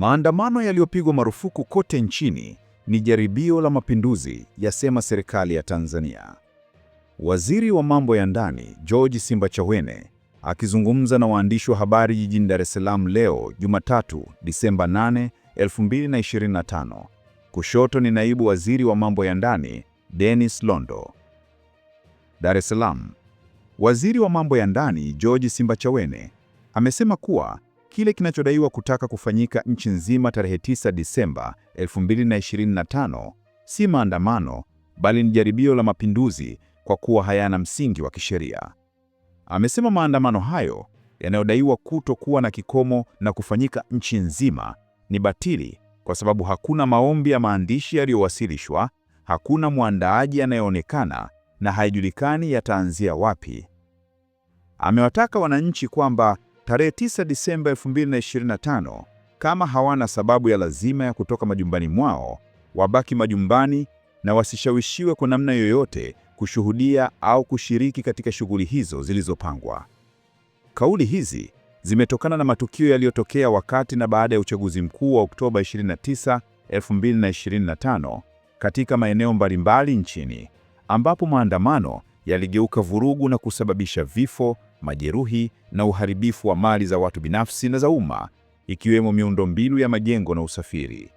Maandamano yaliyopigwa marufuku kote nchini ni jaribio la mapinduzi, yasema serikali ya Tanzania. Waziri wa mambo ya ndani George Simbachawene akizungumza na waandishi wa habari jijini Dar es Salaam leo Jumatatu, Disemba 8, 2025. Kushoto ni naibu waziri wa mambo ya ndani Dennis Londo. Dar es Salaam. Waziri wa mambo ya ndani George Simbachawene amesema kuwa Kile kinachodaiwa kutaka kufanyika nchi nzima tarehe 9 Disemba 2025 si maandamano, bali ni jaribio la mapinduzi kwa kuwa hayana msingi wa kisheria. Amesema maandamano hayo yanayodaiwa kutokuwa na kikomo na kufanyika nchi nzima ni batili kwa sababu hakuna maombi ya maandishi yaliyowasilishwa, hakuna mwandaaji anayeonekana na haijulikani yataanzia wapi. Amewataka wananchi kwamba Tarehe 9 Disemba 2025, kama hawana sababu ya lazima ya kutoka majumbani mwao, wabaki majumbani na wasishawishiwe kwa namna yoyote kushuhudia au kushiriki katika shughuli hizo zilizopangwa. Kauli hizi zimetokana na matukio yaliyotokea wakati na baada ya uchaguzi mkuu wa Oktoba 29, 2025 katika maeneo mbalimbali nchini ambapo maandamano yaligeuka vurugu na kusababisha vifo majeruhi na uharibifu wa mali za watu binafsi na za umma, ikiwemo miundombinu ya majengo na usafiri.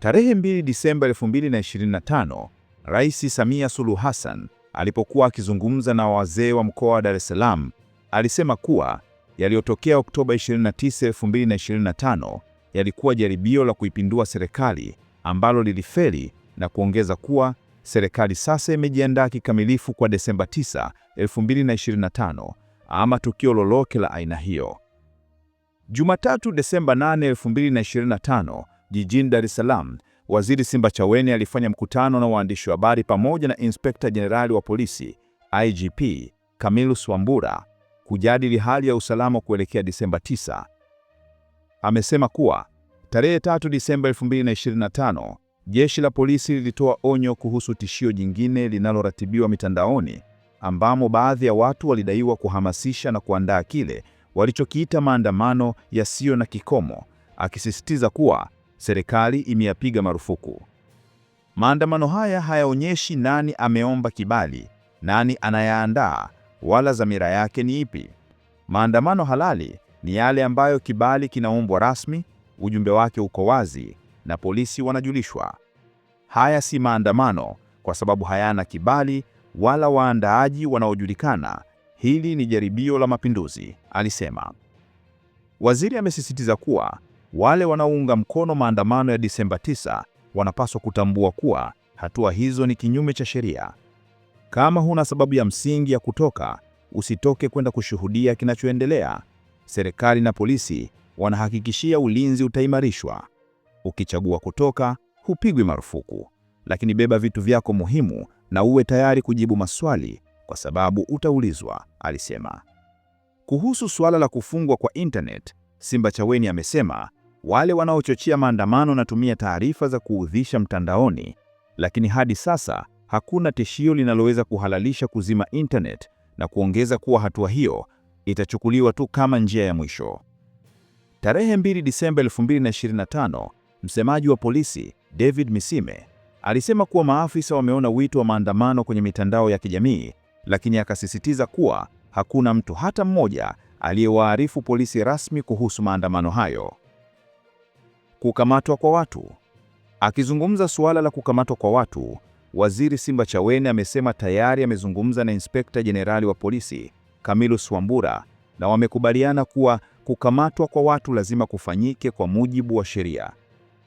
Tarehe 2 Disemba 2025, Rais Samia Suluhu Hassan alipokuwa akizungumza na wazee wa mkoa wa Dar es Salaam, alisema kuwa yaliyotokea Oktoba 29, 2025 yalikuwa jaribio la kuipindua serikali ambalo lilifeli na kuongeza kuwa serikali sasa imejiandaa kikamilifu kwa Desemba 9, 2025 ama tukio lolote la aina hiyo. Jumatatu, Desemba 8, 2025, jijini Dar es Salaam, Waziri Simbachawene alifanya mkutano na waandishi wa habari pamoja na Inspekta Jenerali wa Polisi IGP Camillus Wambura kujadili hali ya usalama kuelekea Disemba 9. Amesema kuwa tarehe 3 Disemba 2025, Jeshi la Polisi lilitoa onyo kuhusu tishio jingine linaloratibiwa mitandaoni ambamo baadhi ya watu walidaiwa kuhamasisha na kuandaa kile walichokiita maandamano yasiyo na kikomo, akisisitiza kuwa serikali imeyapiga marufuku. Maandamano haya hayaonyeshi nani ameomba kibali, nani anayaandaa, wala dhamira yake ni ipi. Maandamano halali ni yale ambayo kibali kinaombwa rasmi, ujumbe wake uko wazi na polisi wanajulishwa. Haya si maandamano kwa sababu hayana kibali, wala waandaaji wanaojulikana. Hili ni jaribio la mapinduzi, alisema. Waziri amesisitiza kuwa wale wanaounga mkono maandamano ya Disemba 9 wanapaswa kutambua kuwa hatua hizo ni kinyume cha sheria. Kama huna sababu ya msingi ya kutoka, usitoke kwenda kushuhudia kinachoendelea. Serikali na polisi wanahakikishia ulinzi utaimarishwa. Ukichagua kutoka, hupigwi marufuku, lakini beba vitu vyako muhimu na uwe tayari kujibu maswali kwa sababu utaulizwa, alisema. Kuhusu suala la kufungwa kwa internet, Simba Chaweni amesema wale wanaochochea maandamano wanatumia taarifa za kuudhisha mtandaoni, lakini hadi sasa hakuna tishio linaloweza kuhalalisha kuzima internet na kuongeza kuwa hatua hiyo itachukuliwa tu kama njia ya mwisho. Tarehe 2 Disemba 2025, msemaji wa polisi David Misime Alisema kuwa maafisa wameona wito wa maandamano kwenye mitandao ya kijamii, lakini akasisitiza kuwa hakuna mtu hata mmoja aliyewaarifu polisi rasmi kuhusu maandamano hayo. Kukamatwa kwa watu. Akizungumza suala la kukamatwa kwa watu, Waziri simba Chawene amesema tayari amezungumza na Inspekta Jenerali wa Polisi Camillus Wambura na wamekubaliana kuwa kukamatwa kwa watu lazima kufanyike kwa mujibu wa sheria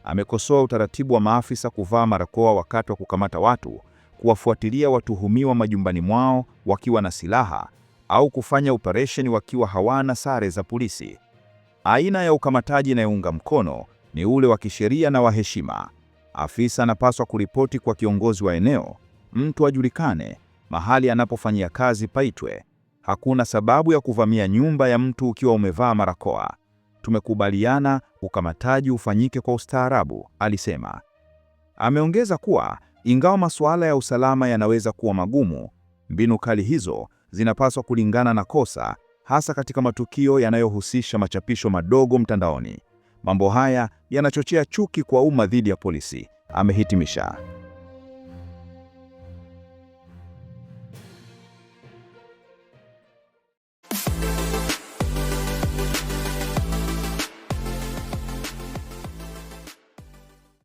amekosoa utaratibu wa maafisa kuvaa barakoa wakati wa kukamata watu, kuwafuatilia watuhumiwa majumbani mwao wakiwa na silaha au kufanya operesheni wakiwa hawana sare za polisi. Aina ya ukamataji inayounga mkono ni ule wa kisheria na wa heshima. Afisa anapaswa kuripoti kwa kiongozi wa eneo, mtu ajulikane, mahali anapofanyia kazi paitwe. Hakuna sababu ya kuvamia nyumba ya mtu ukiwa umevaa barakoa tumekubaliana ukamataji ufanyike kwa ustaarabu, alisema. Ameongeza kuwa ingawa masuala ya usalama yanaweza kuwa magumu, mbinu kali hizo zinapaswa kulingana na kosa, hasa katika matukio yanayohusisha machapisho madogo mtandaoni. Mambo haya yanachochea chuki kwa umma dhidi ya polisi, amehitimisha.